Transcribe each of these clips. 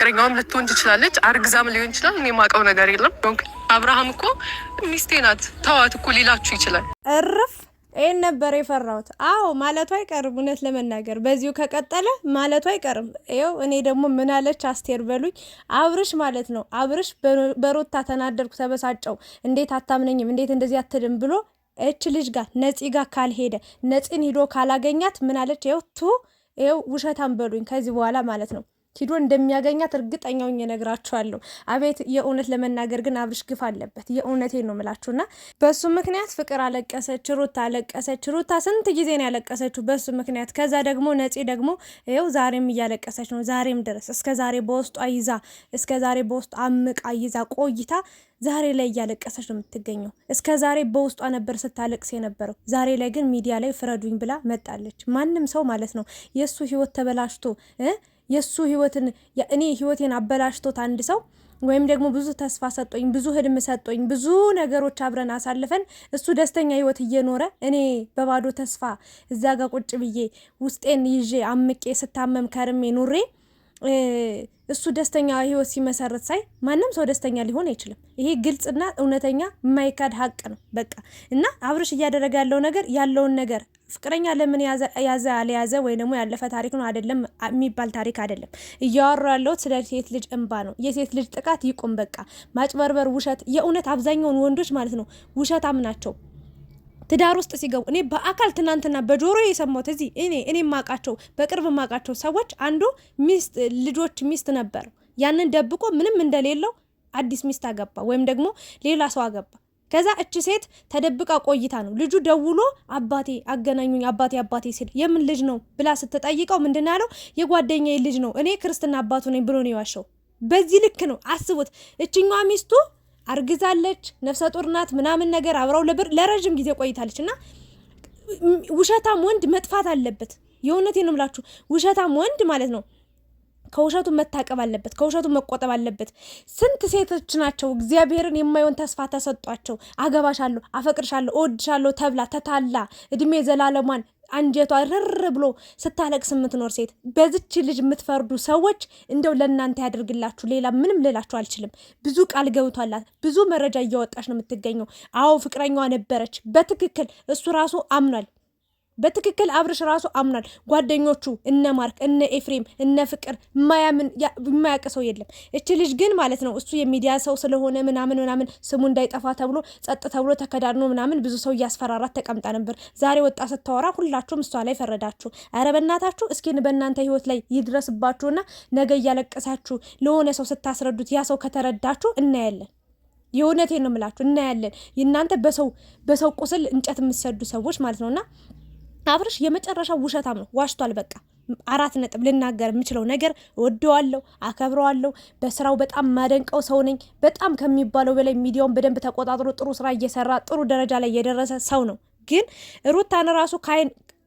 ፍቅረኛውም ልትሆን ትችላለች። አርግዛም ሊሆን ይችላል። እኔ የማውቀው ነገር የለም። አብርሃም እኮ ሚስቴ ናት ተዋት እኮ ሊላችሁ ይችላል። እርፍ ይህን ነበር የፈራሁት። አዎ ማለቱ አይቀርም። እውነት ለመናገር በዚሁ ከቀጠለ ማለቱ አይቀርም። ይኸው እኔ ደግሞ ምናለች አስቴር በሉኝ፣ አብርሽ ማለት ነው። አብርሽ በሮታ ተናደርኩ ተበሳጨው። እንዴት አታምነኝም? እንዴት እንደዚህ አትልም ብሎ እች ልጅ ጋር ነፂ ጋር ካልሄደ ነፂን ሂዶ ካላገኛት ምናለች አለች? ይኸው ቱ ይኸው ውሸታም በሉኝ ከዚህ በኋላ ማለት ነው ሂዶ እንደሚያገኛት እርግጠኛው እነግራችኋለሁ። አቤት የእውነት ለመናገር ግን አብርሽ ግፍ አለበት። የእውነቴን ነው የምላችሁ። እና በሱ ምክንያት ፍቅር አለቀሰች፣ ሩታ አለቀሰች። ሩታ ስንት ጊዜ ነው ያለቀሰችው በሱ ምክንያት። ከዛ ደግሞ ነፂ ደግሞ ይኸው ዛሬም እያለቀሰች ነው። ዛሬም ድረስ እስከ ዛሬ በውስጧ ይዛ እስከ ዛሬ በውስጧ አምቃ ይዛ ቆይታ ዛሬ ላይ እያለቀሰች ነው የምትገኘው። እስከ ዛሬ በውስጧ ነበር ስታለቅስ የነበረው። ዛሬ ላይ ግን ሚዲያ ላይ ፍረዱኝ ብላ መጣለች። ማንም ሰው ማለት ነው የእሱ ህይወት ተበላሽቶ የእሱ ህይወትን እኔ ህይወቴን አበላሽቶት አንድ ሰው ወይም ደግሞ ብዙ ተስፋ ሰጦኝ ብዙ ህልም ሰጦኝ ብዙ ነገሮች አብረን አሳልፈን እሱ ደስተኛ ህይወት እየኖረ እኔ በባዶ ተስፋ እዛ ጋር ቁጭ ብዬ ውስጤን ይዤ አምቄ ስታመም ከርሜ ኑሬ እሱ ደስተኛ ህይወት ሲመሰርት ሳይ ማንም ሰው ደስተኛ ሊሆን አይችልም። ይሄ ግልጽና እውነተኛ የማይካድ ሀቅ ነው። በቃ እና አብርሽ እያደረገ ያለው ነገር ያለውን ነገር ፍቅረኛ ለምን ያዘ አለያዘ ወይ ደግሞ ያለፈ ታሪክ ነው አይደለም የሚባል ታሪክ አይደለም። እያወሩ ያለው ስለ ሴት ልጅ እንባ ነው። የሴት ልጅ ጥቃት ይቁም። በቃ ማጭበርበር፣ ውሸት የእውነት አብዛኛውን ወንዶች ማለት ነው ውሸታም ናቸው። ትዳር ውስጥ ሲገቡ እኔ በአካል ትናንትና በጆሮ የሰማሁት እዚህ እኔ እኔ ማቃቸው በቅርብ ማቃቸው ሰዎች አንዱ ሚስት ልጆች ሚስት ነበር። ያንን ደብቆ ምንም እንደሌለው አዲስ ሚስት አገባ ወይም ደግሞ ሌላ ሰው አገባ። ከዛ እች ሴት ተደብቃ ቆይታ ነው ልጁ ደውሎ አባቴ አገናኙኝ አባቴ አባቴ ሲል የምን ልጅ ነው ብላ ስትጠይቀው ምንድን ያለው የጓደኛ ልጅ ነው እኔ ክርስትና አባቱ ነኝ ብሎ ነው የዋሸው። በዚህ ልክ ነው አስቡት። እችኛዋ ሚስቱ አርግዛለች፣ ነፍሰ ጡር ናት ምናምን ነገር አብረው ለረዥም ጊዜ ቆይታለች እና ውሸታም ወንድ መጥፋት አለበት። የእውነቴ ነው የምላችሁ ውሸታም ወንድ ማለት ነው ከውሸቱ መታቀብ አለበት። ከውሸቱ መቆጠብ አለበት። ስንት ሴቶች ናቸው እግዚአብሔርን የማይሆን ተስፋ ተሰጧቸው። አገባሻለሁ፣ አፈቅርሻለሁ፣ እወድሻለሁ ተብላ ተታላ እድሜ ዘላለሟን አንጀቷ ርር ብሎ ስታለቅስ የምትኖር ሴት በዚች ልጅ የምትፈርዱ ሰዎች እንደው ለእናንተ ያደርግላችሁ። ሌላ ምንም ልላችሁ አልችልም። ብዙ ቃል ገብቷላት ብዙ መረጃ እያወጣች ነው የምትገኘው። አዎ ፍቅረኛዋ ነበረች በትክክል እሱ ራሱ አምኗል። በትክክል አብርሽ ራሱ አምናል። ጓደኞቹ እነ ማርክ፣ እነ ኤፍሬም፣ እነ ፍቅር ማያምን የማያውቅ ሰው የለም። እች ልጅ ግን ማለት ነው እሱ የሚዲያ ሰው ስለሆነ ምናምን ምናምን ስሙ እንዳይጠፋ ተብሎ ጸጥ ተብሎ ተከዳድኖ ምናምን ብዙ ሰው እያስፈራራት ተቀምጣ ነበር። ዛሬ ወጣ ስታወራ ሁላችሁም እሷ ላይ ፈረዳችሁ። አረ በእናታችሁ እስኪን በእናንተ ህይወት ላይ ይድረስባችሁና ነገ እያለቀሳችሁ ለሆነ ሰው ስታስረዱት ያ ሰው ከተረዳችሁ እናያለን። የእውነቴን ነው የምላችሁ እናያለን። እናንተ በሰው በሰው ቁስል እንጨት የምትሰዱ ሰዎች ማለት ነውና አብርሽ የመጨረሻ ውሸታም ነው፣ ዋሽቷል። በቃ አራት ነጥብ ልናገር የምችለው ነገር ወደዋለሁ፣ አከብረዋለሁ። በስራው በጣም ማደንቀው ሰው ነኝ። በጣም ከሚባለው በላይ ሚዲያውን በደንብ ተቆጣጥሮ ጥሩ ስራ እየሰራ ጥሩ ደረጃ ላይ የደረሰ ሰው ነው። ግን ሩታን ራሱ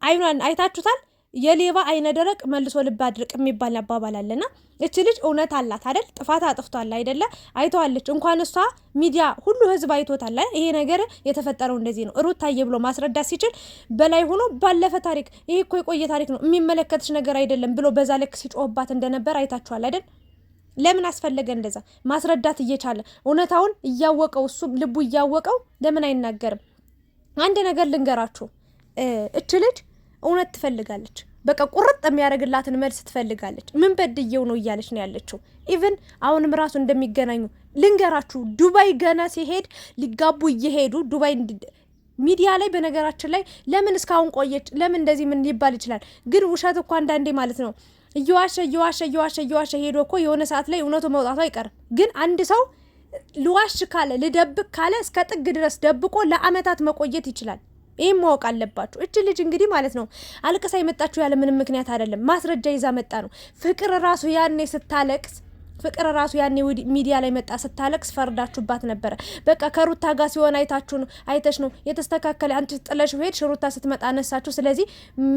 አይኗን አይታችሁታል። የሌባ አይነ ደረቅ መልሶ ልብ አድርቅ የሚባል አባባል አለና እች ልጅ እውነት አላት አይደል? ጥፋት አጥፍቷል አይደለ? አይተዋለች። እንኳን እሷ ሚዲያ ሁሉ ህዝብ አይቶታል። ይሄ ነገር የተፈጠረው እንደዚህ ነው ታየ ብሎ ማስረዳት ሲችል በላይ ሆኖ ባለፈ ታሪክ ይሄ እኮ የቆየ ታሪክ ነው የሚመለከትሽ ነገር አይደለም ብሎ በዛ ልክ ሲጮህባት እንደነበር አይታችኋል አይደል? ለምን አስፈለገ እንደዛ ማስረዳት እየቻለ እውነታውን እያወቀው እሱ ልቡ እያወቀው ለምን አይናገርም? አንድ ነገር ልንገራችሁ እች ልጅ እውነት ትፈልጋለች። በቃ ቁርጥ የሚያደርግላትን መልስ ትፈልጋለች። ምን በድየው ነው እያለች ነው ያለችው። ኢቨን አሁንም ራሱ እንደሚገናኙ ልንገራችሁ። ዱባይ ገና ሲሄድ ሊጋቡ እየሄዱ ዱባይ ሚዲያ ላይ በነገራችን ላይ ለምን እስካሁን ቆየች፣ ለምን እንደዚህ ምን ሊባል ይችላል። ግን ውሸት እኮ አንዳንዴ ማለት ነው እየዋሸ እየዋሸ እየዋሸ እየዋሸ ሄዶ እኮ የሆነ ሰዓት ላይ እውነቱ መውጣቱ አይቀርም። ግን አንድ ሰው ልዋሽ ካለ ልደብቅ ካለ እስከ ጥግ ድረስ ደብቆ ለአመታት መቆየት ይችላል። ይህም ማወቅ አለባችሁ። እች ልጅ እንግዲህ ማለት ነው አልቅሳ የመጣችሁ ያለ ምንም ምክንያት አይደለም፣ ማስረጃ ይዛ መጣ ነው። ፍቅር ራሱ ያኔ ስታለቅስ ፍቅር ራሱ ያኔ ሚዲያ ላይ መጣ ስታለቅስ ፈርዳችሁባት ነበረ። በቃ ከሩታ ጋር ሲሆን አይታችሁ ነው አይተሽ ነው የተስተካከለ አንቺ ጥለሽ ሄድሽ፣ ሩታ ስትመጣ አነሳችሁ። ስለዚህ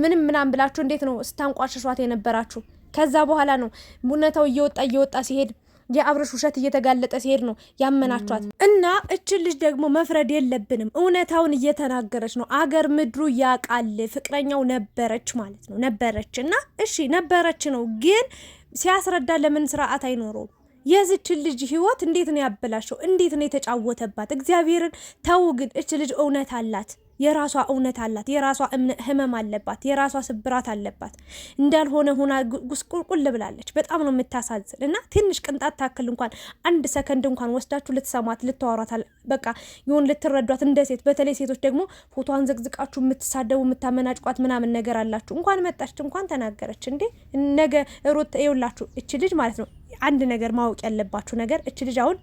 ምንም ምናም ብላችሁ እንዴት ነው ስታንቋሸሿት የነበራችሁ? ከዛ በኋላ ነው እውነታው እየወጣ እየወጣ ሲሄድ የአብረሽ ውሸት እየተጋለጠ ሲሄድ ነው ያመናቸዋት። እና እችን ልጅ ደግሞ መፍረድ የለብንም እውነታውን እየተናገረች ነው። አገር ምድሩ ያቃል። ፍቅረኛው ነበረች ማለት ነው ነበረች። እና እሺ ነበረች ነው ግን ሲያስረዳ ለምን ስርዓት አይኖረውም? የዚች ልጅ ህይወት እንዴት ነው ያበላሸው? እንዴት ነው የተጫወተባት? እግዚአብሔርን ተው። ግን እች ልጅ እውነት አላት። የራሷ እውነት አላት፣ የራሷ ህመም አለባት፣ የራሷ ስብራት አለባት። እንዳልሆነ ሆና ጉስቁልቁል ብላለች። በጣም ነው የምታሳዝን እና ትንሽ ቅንጣት ታክል እንኳን አንድ ሰከንድ እንኳን ወስዳችሁ ልትሰማት ልታወራት፣ በቃ ይሁን ልትረዷት እንደ ሴት። በተለይ ሴቶች ደግሞ ፎቷን ዘቅዝቃችሁ የምትሳደቡ የምታመናጭቋት ምናምን ነገር አላችሁ። እንኳን መጣች እንኳን ተናገረች እንዴ ነገ ሩት ይውላችሁ እች ልጅ ማለት ነው። አንድ ነገር ማወቅ ያለባችሁ ነገር እች ልጅ አሁን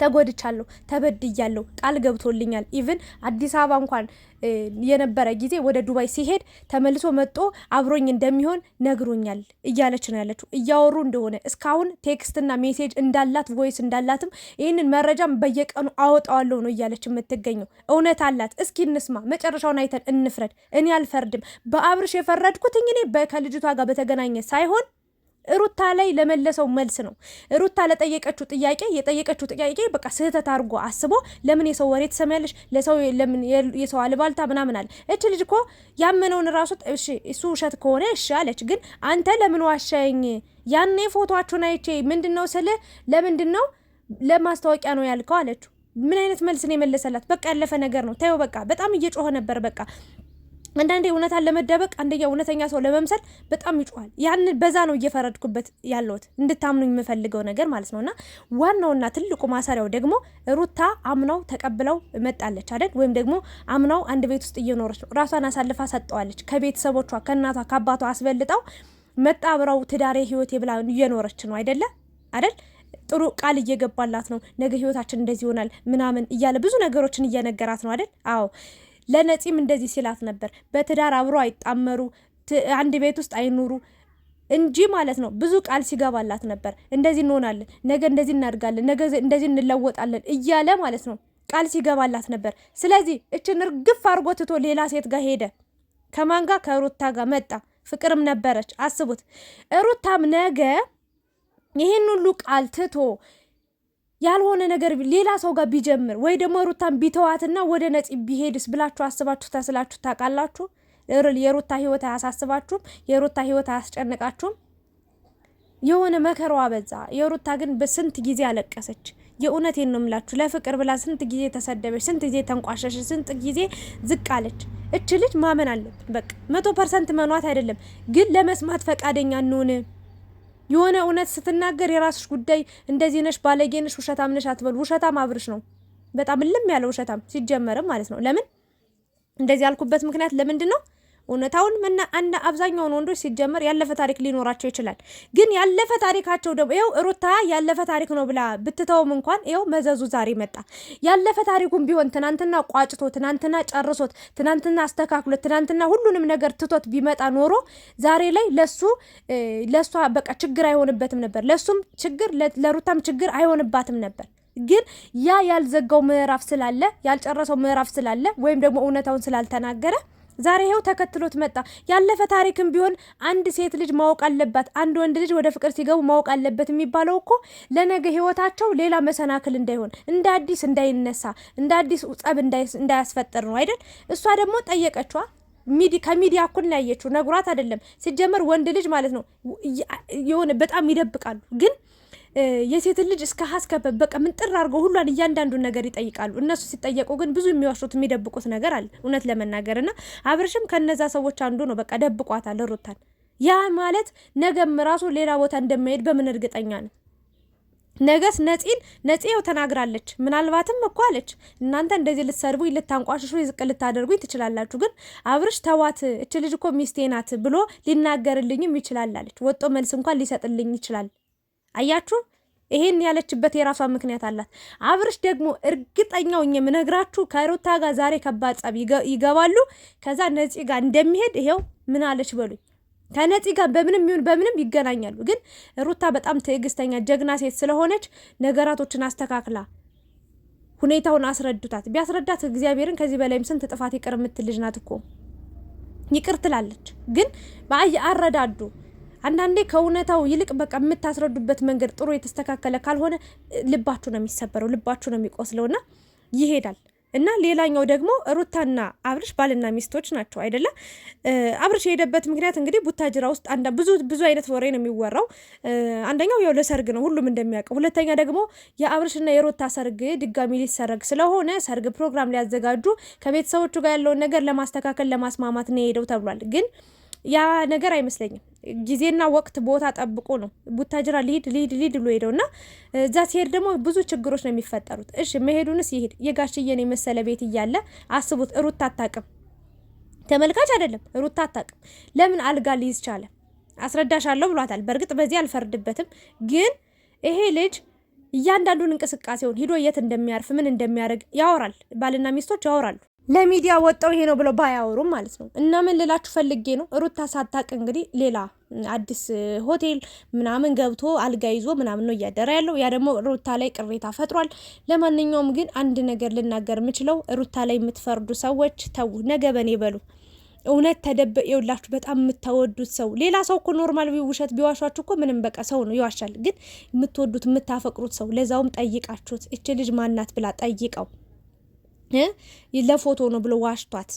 ተጎድቻለሁ፣ ተበድያለሁ፣ ቃል ገብቶልኛል። ኢቭን አዲስ አበባ እንኳን የነበረ ጊዜ ወደ ዱባይ ሲሄድ ተመልሶ መጦ አብሮኝ እንደሚሆን ነግሮኛል እያለች ነው ያለችው። እያወሩ እንደሆነ እስካሁን ቴክስትና ሜሴጅ እንዳላት ቮይስ እንዳላትም ይህንን መረጃም በየቀኑ አወጣዋለሁ ነው እያለች የምትገኘው። እውነት አላት። እስኪ እንስማ፣ መጨረሻውን አይተን እንፍረድ። እኔ አልፈርድም። በአብርሽ የፈረድኩት እኔ ከልጅቷ ጋር በተገናኘ ሳይሆን ሩታ ላይ ለመለሰው መልስ ነው። ሩታ ለጠየቀችው ጥያቄ የጠየቀችው ጥያቄ በቃ ስህተት አድርጎ አስቦ ለምን የሰው ወሬ ትሰሚያለሽ? ለሰው ለምን የሰው አልባልታ ምናምን አለ። እች ልጅ እኮ ያመነውን ራሱ እሺ፣ እሱ ውሸት ከሆነ እሺ አለች። ግን አንተ ለምን ዋሻኝ? ያኔ ፎቶአችሁን አይቼ ምንድነው ስለ ለምንድነው ለማስታወቂያ ነው ያልከው አለችው። ምን አይነት መልስ ነው የመለሰላት? በቃ ያለፈ ነገር ነው ተይው፣ በቃ በጣም እየጮኸ ነበር። በቃ አንዳንዴ እውነታን ለመደበቅ አንደኛ እውነተኛ ሰው ለመምሰል በጣም ይጮዋል። ያን በዛ ነው እየፈረድኩበት ያለሁት እንድታምኑ የምፈልገው ነገር ማለት ነውና ዋናውና ትልቁ ማሰሪያው ደግሞ ሩታ አምናው ተቀብለው መጣለች አይደል? ወይም ደግሞ አምናው አንድ ቤት ውስጥ እየኖረች ነው። ራሷን አሳልፋ ሰጠዋለች። ከቤተሰቦቿ ከእናቷ ከአባቷ አስበልጣው መጣ አብረው ትዳሬ ህይወቴ ብላ እየኖረች ነው አይደለ አይደል? ጥሩ ቃል እየገባላት ነው። ነገ ህይወታችን እንደዚህ ይሆናል ምናምን እያለ ብዙ ነገሮችን እየነገራት ነው አይደል? አዎ ለነፂም እንደዚህ ሲላት ነበር። በትዳር አብሮ አይጣመሩ፣ አንድ ቤት ውስጥ አይኑሩ እንጂ ማለት ነው። ብዙ ቃል ሲገባላት ነበር። እንደዚህ እንሆናለን፣ ነገ እንደዚህ እናድጋለን፣ ነገ እንደዚህ እንለወጣለን እያለ ማለት ነው ቃል ሲገባላት ነበር። ስለዚህ እችን እርግፍ አድርጎ ትቶ ሌላ ሴት ጋር ሄደ። ከማን ጋር? ከሩታ ጋር መጣ። ፍቅርም ነበረች። አስቡት። ሩታም ነገ ይህን ሁሉ ቃል ትቶ ያልሆነ ነገር ሌላ ሰው ጋር ቢጀምር ወይ ደግሞ ሩታን ቢተዋትና ወደ ነፂ ቢሄድስ ብላችሁ አስባችሁ ተስላችሁ ታውቃላችሁ? የሩታ ህይወት አያሳስባችሁም? የሩታ ህይወት አያስጨንቃችሁም? የሆነ መከራዋ በዛ። የሩታ ግን በስንት ጊዜ አለቀሰች። የእውነቴን ነው የምላችሁ። ለፍቅር ብላ ስንት ጊዜ ተሰደበች፣ ስንት ጊዜ ተንቋሸሸች፣ ስንት ጊዜ ዝቅ አለች። እች ልጅ ማመን አለብን። በቃ መቶ ፐርሰንት መኗት አይደለም ግን ለመስማት ፈቃደኛ እንሆንም? የሆነ እውነት ስትናገር የራስሽ ጉዳይ፣ እንደዚህ ነሽ፣ ባለጌ ነሽ፣ ውሸታም ነሽ አትበሉ። ውሸታም አብርሽ ነው፣ በጣም እልም ያለ ውሸታም ሲጀመርም ማለት ነው። ለምን እንደዚህ ያልኩበት ምክንያት ለምንድን ነው እውነታውን መና አንድ አብዛኛውን ወንዶች ሲጀመር ያለፈ ታሪክ ሊኖራቸው ይችላል። ግን ያለፈ ታሪካቸው ደግሞ ይኸው ሩታ ያለፈ ታሪክ ነው ብላ ብትተውም እንኳን ይኸው መዘዙ ዛሬ መጣ። ያለፈ ታሪኩም ቢሆን ትናንትና ቋጭቶ ትናንትና ጨርሶት ትናንትና አስተካክሎት ትናንትና ሁሉንም ነገር ትቶት ቢመጣ ኖሮ ዛሬ ላይ ለሱ ለሷ በቃ ችግር አይሆንበትም ነበር። ለሱም ችግር ለሩታም ችግር አይሆንባትም ነበር ግን ያ ያልዘጋው ምዕራፍ ስላለ ያልጨረሰው ምዕራፍ ስላለ ወይም ደግሞ እውነታውን ስላልተናገረ ዛሬ ይኸው ተከትሎት መጣ። ያለፈ ታሪክም ቢሆን አንድ ሴት ልጅ ማወቅ አለባት፣ አንድ ወንድ ልጅ ወደ ፍቅር ሲገቡ ማወቅ አለበት የሚባለው እኮ ለነገ ህይወታቸው ሌላ መሰናክል እንዳይሆን፣ እንደ አዲስ እንዳይነሳ፣ እንደ አዲስ ጸብ እንዳያስፈጥር ነው አይደል? እሷ ደግሞ ጠየቀችዋ። ከሚዲያ እኩል ነው ያየችው፣ ነግሯት አይደለም። ሲጀመር ወንድ ልጅ ማለት ነው የሆነ በጣም ይደብቃሉ ግን የሴትን ልጅ እስከ ሀስከበ በቃ ጥር አድርገው ሁሏን እያንዳንዱን ነገር ይጠይቃሉ። እነሱ ሲጠየቁ ግን ብዙ የሚዋሹት የሚደብቁት ነገር አለ እውነት ለመናገር እና አብርሽም ከነዛ ሰዎች አንዱ ነው። በቃ ደብቋታል ሩታን። ያ ማለት ነገም ራሱ ሌላ ቦታ እንደማይሄድ በምን እርግጠኛ ነው? ነገስ ነፂን ነፂው ተናግራለች። ምናልባትም እኮ አለች እናንተ እንደዚህ ልትሰርቡኝ፣ ልታንቋሽሹ፣ ዝቅ ልታደርጉኝ ትችላላችሁ፣ ግን አብርሽ ተዋት፣ እች ልጅ እኮ ሚስቴ ናት ብሎ ሊናገርልኝም ይችላል አለች። ወጦ መልስ እንኳን ሊሰጥልኝ ይችላል አያችሁ፣ ይሄን ያለችበት የራሷ ምክንያት አላት። አብርሽ ደግሞ እርግጠኛው እኛ የምነግራችሁ ከሩታ ጋር ዛሬ ከባድ ጸብ ይገባሉ። ከዛ ነፂ ጋር እንደሚሄድ ይሄው ምን አለች በሉኝ። ከነፂ ጋር በምንም ይሁን በምንም ይገናኛሉ። ግን ሩታ በጣም ትዕግስተኛ ጀግና ሴት ስለሆነች ነገራቶችን አስተካክላ ሁኔታውን አስረዱታት ቢያስረዳት እግዚአብሔርን ከዚህ በላይም ስንት ጥፋት ይቅር የምትል ልጅ ናት እኮ ይቅር ትላለች። ግን በአይ አረዳዱ አንዳንዴ ከእውነታው ይልቅ በቃ የምታስረዱበት መንገድ ጥሩ የተስተካከለ ካልሆነ ልባችሁ ነው የሚሰበረው፣ ልባችሁ ነው የሚቆስለው እና ይሄዳል እና ሌላኛው ደግሞ ሩታና አብርሽ ባልና ሚስቶች ናቸው አይደለ? አብርሽ የሄደበት ምክንያት እንግዲህ ቡታጅራ ውስጥ ብዙ ብዙ አይነት ወሬ ነው የሚወራው። አንደኛው ያው ለሰርግ ነው ሁሉም እንደሚያውቀው። ሁለተኛ ደግሞ የአብርሽና የሩታ ሰርግ ድጋሚ ሊሰረግ ስለሆነ ሰርግ ፕሮግራም ሊያዘጋጁ ከቤተሰቦቹ ጋር ያለውን ነገር ለማስተካከል ለማስማማት ነው የሄደው ተብሏል። ግን ያ ነገር አይመስለኝም ጊዜና ወቅት ቦታ ጠብቆ ነው ቡታጅራ ሊሄድ ሊሄድ ሊሄድ ብሎ ሄደው እና እዛ ሲሄድ ደግሞ ብዙ ችግሮች ነው የሚፈጠሩት። እሺ መሄዱንስ ይሄድ የጋሽዬን የመሰለ ቤት እያለ አስቡት። ሩት አታቅም፣ ተመልካች አይደለም ሩት አታቅም። ለምን አልጋ ሊይዝ ቻለ? አስረዳሻለሁ ብሏታል። በእርግጥ በዚህ አልፈርድበትም፣ ግን ይሄ ልጅ እያንዳንዱን እንቅስቃሴውን ሂዶ የት እንደሚያርፍ ምን እንደሚያደርግ ያወራል። ባልና ሚስቶች ያወራሉ። ለሚዲያ ወጣው ይሄ ነው ብለው ባያወሩም ማለት ነው። እና ምን ልላችሁ ፈልጌ ነው ሩታ ሳታቅ እንግዲህ ሌላ አዲስ ሆቴል ምናምን ገብቶ አልጋ ይዞ ምናምን ነው እያደረ ያለው። ያ ደግሞ ሩታ ላይ ቅሬታ ፈጥሯል። ለማንኛውም ግን አንድ ነገር ልናገር የምችለው ሩታ ላይ የምትፈርዱ ሰዎች ተው፣ ነገ በኔ በሉ። እውነት ተደበ የውላችሁ በጣም የምታወዱት ሰው ሌላ ሰው እኮ ኖርማል ውሸት ቢዋሿችሁ እኮ ምንም በቃ ሰው ነው ይዋሻል። ግን የምትወዱት የምታፈቅሩት ሰው ለዛውም ጠይቃችሁት እች ልጅ ማናት ብላ ጠይቀው ለፎቶ ነው ብሎ ዋሽቷት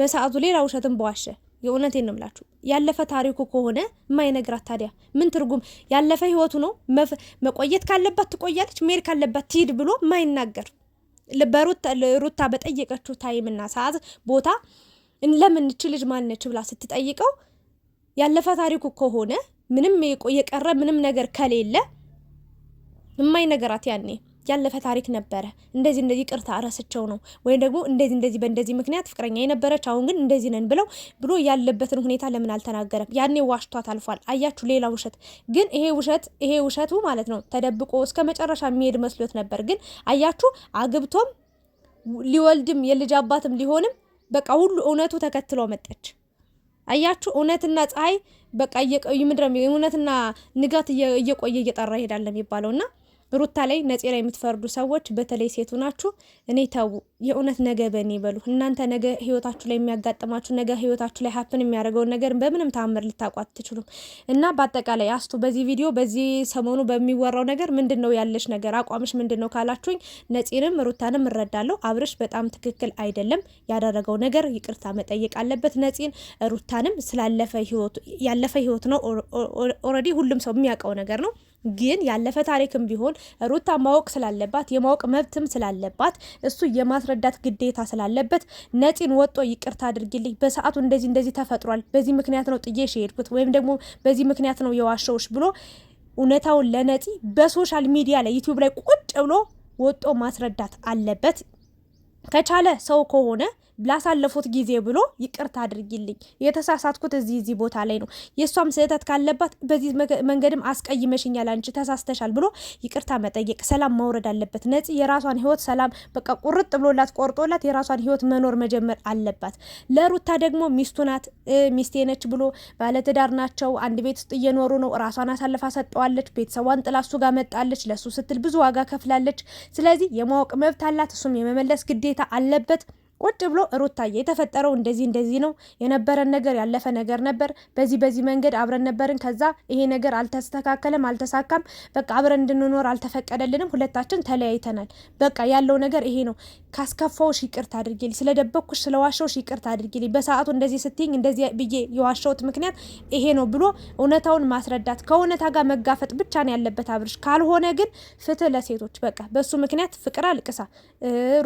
በሰዓቱ ሌላ ውሸትን በዋሸ የእውነቴን ነው የምላችሁ። ያለፈ ታሪኩ ከሆነ የማይነግራት ታዲያ ምን ትርጉም? ያለፈ ህይወቱ ነው። መቆየት ካለባት ትቆያለች፣ መሄድ ካለባት ትሂድ ብሎ ማይናገር በሩታ በጠየቀችው ታይም ና ሰዓት ቦታ ለምን እች ልጅ ማነች ብላ ስትጠይቀው ያለፈ ታሪኩ ከሆነ ምንም የቀረ ምንም ነገር ከሌለ የማይነገራት ያኔ ያለፈ ታሪክ ነበረ፣ እንደዚህ እንደዚህ ቅርታ እረስቸው ነው ወይም ደግሞ እንደዚህ እንደዚህ በእንደዚህ ምክንያት ፍቅረኛ የነበረች አሁን ግን እንደዚህ ነን ብለው ብሎ ያለበትን ሁኔታ ለምን አልተናገረም? ያኔ ዋሽቷት አልፏል። አያችሁ፣ ሌላ ውሸት ግን ይሄ ውሸት ይሄ ውሸቱ ማለት ነው ተደብቆ እስከ መጨረሻ የሚሄድ መስሎት ነበር። ግን አያችሁ፣ አግብቶም ሊወልድም የልጅ አባትም ሊሆንም በቃ ሁሉ እውነቱ ተከትሎ መጠች። አያችሁ እውነትና ፀሐይ በቃ እየቀዩ ምድረም እውነትና ንጋት እየቆየ እየጠራ ይሄዳል የሚባለውና ሩታ ላይ ነፂ ላይ የምትፈርዱ ሰዎች በተለይ ሴቱ ናችሁ፣ እኔ ተው የእውነት ነገ በእኔ በሉ። እናንተ ነገ ህይወታችሁ ላይ የሚያጋጥማችሁ ነገ ህይወታችሁ ላይ ሀፕን የሚያደርገውን ነገር በምንም ተአምር ልታቋ አትችሉም። እና በአጠቃላይ አስቱ በዚህ ቪዲዮ በዚህ ሰሞኑ በሚወራው ነገር ምንድን ነው ያለሽ ነገር አቋምሽ ምንድን ነው ካላችሁኝ፣ ነፂንም ሩታንም እረዳለሁ። አብርሽ በጣም ትክክል አይደለም ያደረገው ነገር ይቅርታ መጠየቅ አለበት። ነፂን ሩታንም ስላለፈ ያለፈ ህይወት ነው ኦልሬዲ ሁሉም ሰው የሚያውቀው ነገር ነው። ግን ያለፈ ታሪክም ቢሆን ሩታ ማወቅ ስላለባት የማወቅ መብትም ስላለባት እሱ የማስረዳት ግዴታ ስላለበት ነፂን ወጦ ይቅርታ አድርጊልኝ፣ በሰዓቱ እንደዚህ እንደዚህ ተፈጥሯል፣ በዚህ ምክንያት ነው ጥዬሽ የሄድኩት ወይም ደግሞ በዚህ ምክንያት ነው የዋሸውሽ ብሎ እውነታውን ለነፂ በሶሻል ሚዲያ ላይ ዩቲዩብ ላይ ቁጭ ብሎ ወጦ ማስረዳት አለበት። ከቻለ ሰው ከሆነ ላሳለፉት ጊዜ ብሎ ይቅርታ አድርጊልኝ፣ የተሳሳትኩት እዚህ እዚህ ቦታ ላይ ነው። የእሷም ስህተት ካለባት በዚህ መንገድም አስቀይመሽኛል፣ አንቺ ተሳስተሻል ብሎ ይቅርታ መጠየቅ፣ ሰላም ማውረድ አለበት። ነፂ የራሷን ህይወት ሰላም በቃ ቁርጥ ብሎላት ቆርጦላት የራሷን ህይወት መኖር መጀመር አለባት። ለሩታ ደግሞ ሚስቱ ናት፣ ሚስቴ ነች ብሎ ባለትዳር ናቸው፣ አንድ ቤት ውስጥ እየኖሩ ነው። ራሷን አሳልፋ ሰጠዋለች፣ ቤተሰቧን ጥላ እሱ ጋር መጣለች። ለእሱ ስትል ብዙ ዋጋ ከፍላለች። ስለዚህ የማወቅ መብት አላት፣ እሱም የመመለስ ግዴታ አለበት። ቁጭ ብሎ ሩታዬ የተፈጠረው እንደዚህ እንደዚህ ነው የነበረን ነገር ያለፈ ነገር ነበር። በዚህ በዚህ መንገድ አብረን ነበርን። ከዛ ይሄ ነገር አልተስተካከለም፣ አልተሳካም። በቃ አብረን እንድንኖር አልተፈቀደልንም። ሁለታችን ተለያይተናል። በቃ ያለው ነገር ይሄ ነው። ካስከፋውሽ ይቅርታ አድርጌልኝ፣ ስለደበኩሽ፣ ስለዋሸውሽ ይቅርታ አድርጌልኝ። በሰዓቱ እንደዚህ ስትይኝ እንደዚህ ብዬ የዋሸሁት ምክንያት ይሄ ነው ብሎ እውነታውን ማስረዳት ከእውነታ ጋር መጋፈጥ ብቻ ነው ያለበት አብርሽ። ካልሆነ ግን ፍትህ ለሴቶች በቃ በሱ ምክንያት ፍቅር አልቅሳ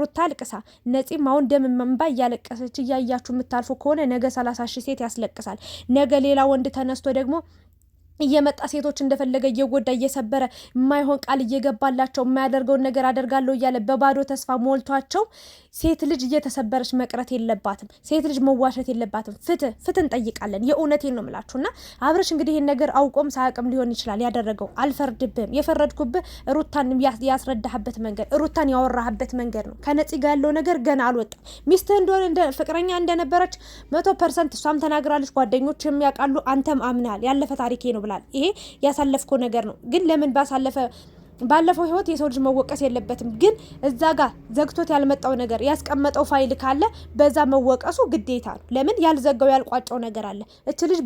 ሩታ አልቅሳ ነፂም አሁን ደም የሕመም መንባ እያለቀሰች እያያችሁ የምታልፉ ከሆነ ነገ ሰላሳ ሺህ ሴት ያስለቅሳል። ነገ ሌላ ወንድ ተነስቶ ደግሞ እየመጣ ሴቶች እንደፈለገ እየጎዳ እየሰበረ የማይሆን ቃል እየገባላቸው የማያደርገውን ነገር አደርጋለሁ እያለ በባዶ ተስፋ ሞልቷቸው ሴት ልጅ እየተሰበረች መቅረት የለባትም። ሴት ልጅ መዋሸት የለባትም። ፍትህ ፍትህ እንጠይቃለን። የእውነቴ ነው ምላችሁ እና አብረሽ እንግዲህ ይህን ነገር አውቆም ሳያውቅም ሊሆን ይችላል ያደረገው። አልፈርድብህም። የፈረድኩብህ ሩታን ያስረዳህበት መንገድ፣ ሩታን ያወራህበት መንገድ ነው። ከነፂ ጋር ያለው ነገር ገና አልወጣም። ሚስትህ እንደሆነ ፍቅረኛ እንደነበረች መቶ ፐርሰንት እሷም ተናግራለች። ጓደኞች የሚያውቃሉ። አንተም አምናል። ያለፈ ታሪኬ ነው ብላል። ይሄ ያሳለፍከው ነገር ነው። ግን ለምን ባሳለፈ ባለፈው ህይወት የሰው ልጅ መወቀስ የለበትም፣ ግን እዛ ጋር ዘግቶት ያልመጣው ነገር ያስቀመጠው ፋይል ካለ በዛ መወቀሱ ግዴታ ነው። ለምን ያልዘጋው ያልቋጨው ነገር አለ። እች ልጅ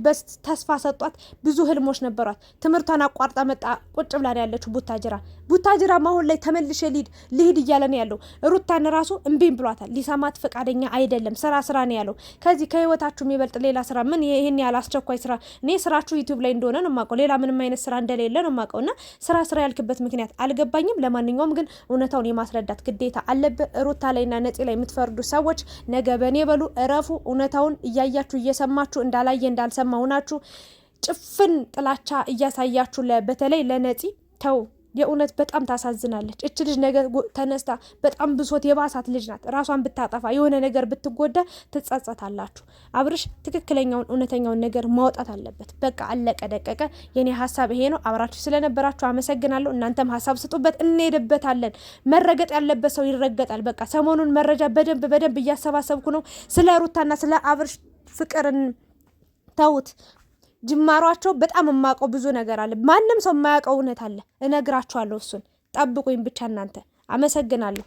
ተስፋ ሰጧት፣ ብዙ ህልሞች ነበሯት። ትምህርቷን አቋርጣ መጣ ቁጭ ብላ ነው ያለችው ቡታጅራ። ቡታጅራ ማሁን ላይ ተመልሼ ልሂድ ልሂድ እያለ ነው ያለው። ሩታን ራሱ እምቢም ብሏታል፣ ሊሰማት ፈቃደኛ አይደለም። ስራ ስራ ነው ያለው። ከዚህ ከህይወታችሁ የሚበልጥ ሌላ ስራ ምን? ይህን ያህል አስቸኳይ ስራ እኔ ስራችሁ ዩቲዩብ ላይ እንደሆነ ነው የማውቀው፣ ሌላ ምንም አይነት ስራ እንደሌለ ነው የማውቀው። እና ስራ ስራ ያልክበት ምክንያት ምክንያት አልገባኝም። ለማንኛውም ግን እውነታውን የማስረዳት ግዴታ አለብህ። ሩታ ላይና ነፂ ላይ የምትፈርዱ ሰዎች ነገ በኔ በሉ እረፉ። እውነታውን እያያችሁ እየሰማችሁ እንዳላየ እንዳልሰማ ሆናችሁ ጭፍን ጥላቻ እያሳያችሁ በተለይ ለነፂ ተው የእውነት በጣም ታሳዝናለች። እች ልጅ ነገር ተነስታ በጣም ብሶት የባሳት ልጅ ናት። ራሷን ብታጠፋ የሆነ ነገር ብትጎዳ ትጸጸታላችሁ። አብርሽ ትክክለኛውን እውነተኛውን ነገር ማውጣት አለበት። በቃ አለቀ ደቀቀ። የኔ ሀሳብ ይሄ ነው። አብራችሁ ስለነበራችሁ አመሰግናለሁ። እናንተም ሀሳብ ስጡበት፣ እንሄድበታለን። መረገጥ ያለበት ሰው ይረገጣል። በቃ ሰሞኑን መረጃ በደንብ በደንብ እያሰባሰብኩ ነው ስለ ሩታና ስለ አብርሽ ፍቅርን ተውት ጅማሯቸው በጣም የማውቀው ብዙ ነገር አለ። ማንም ሰው የማያውቀው እውነት አለ። እነግራችኋለሁ። እሱን ጠብቁኝ ብቻ እናንተ። አመሰግናለሁ።